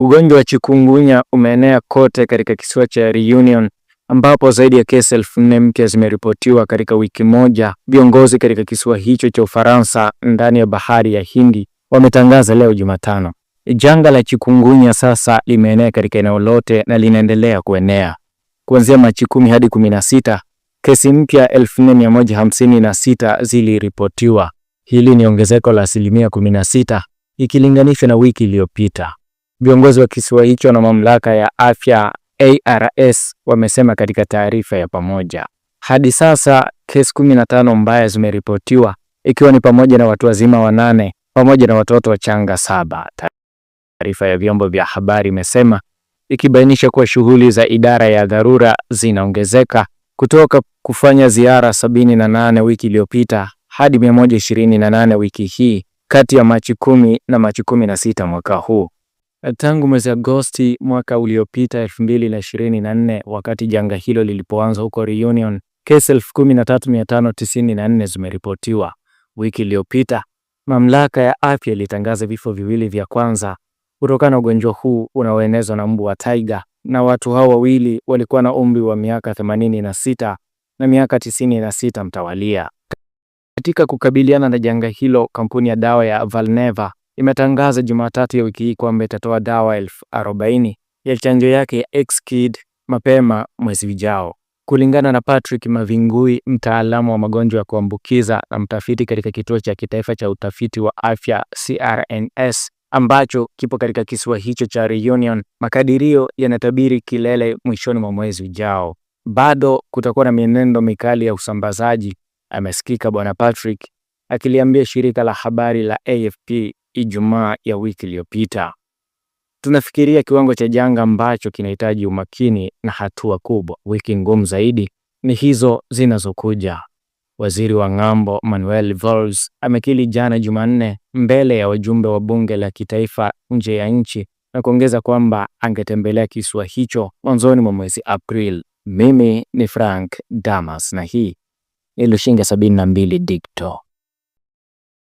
Ugonjwa wa chikungunya umeenea kote katika kisiwa cha Reunion ambapo zaidi ya kesi elfu nne mpya zimeripotiwa katika wiki moja. Viongozi katika kisiwa hicho cha Ufaransa ndani ya bahari ya Hindi wametangaza leo Jumatano, janga la chikungunya sasa limeenea katika eneo lote na linaendelea kuenea. Kuanzia Machi kumi hadi kumi na sita kesi mpya 4156 ziliripotiwa. Hili ni ongezeko la asilimia 16 ikilinganishwa na wiki iliyopita. Viongozi wa kisiwa hicho na mamlaka ya afya ARS wamesema katika taarifa ya pamoja. Hadi sasa kesi 15 mbaya zimeripotiwa ikiwa ni pamoja na watu wazima wanane pamoja na watoto wachanga saba. Taarifa ya vyombo vya habari imesema ikibainisha kuwa shughuli za idara ya dharura zinaongezeka kutoka kufanya ziara 78 wiki iliyopita hadi 128 wiki hii kati ya Machi 10 na Machi 16 mwaka huu. Tangu mwezi Agosti mwaka uliopita 2024 wakati janga hilo lilipoanza huko Reunion, kesi 13594 zimeripotiwa. Wiki iliyopita mamlaka ya afya ilitangaza vifo viwili vya kwanza kutokana na ugonjwa huu unaoenezwa na mbu wa taiga, na watu hao wawili walikuwa na umri wa miaka 86 na miaka 96 mtawalia. Katika kukabiliana na janga hilo, kampuni ya dawa ya Valneva imetangaza Jumatatu ya wiki hii kwamba itatoa dawa elfu arobaini ya chanjo yake ya Xkid mapema mwezi ujao. Kulingana na Patrick Mavingui, mtaalamu wa magonjwa ya kuambukiza na mtafiti katika kituo cha kitaifa cha utafiti wa afya CRNS ambacho kipo katika kisiwa hicho cha Reunion, makadirio yanatabiri kilele mwishoni mwa mwezi ujao. Bado kutakuwa na mienendo mikali ya usambazaji, amesikika Bwana Patrick akiliambia shirika la habari la AFP Ijumaa ya wiki iliyopita. Tunafikiria kiwango cha janga ambacho kinahitaji umakini na hatua kubwa. Wiki ngumu zaidi ni hizo zinazokuja. Waziri wa ng'ambo Manuel Valls amekili jana Jumanne mbele ya wajumbe wa bunge la kitaifa nje ya nchi na kuongeza kwamba angetembelea kisiwa hicho mwanzoni mwa mwezi April. Mimi ni Frank Damas na hii ni Lushinge 72 Digital.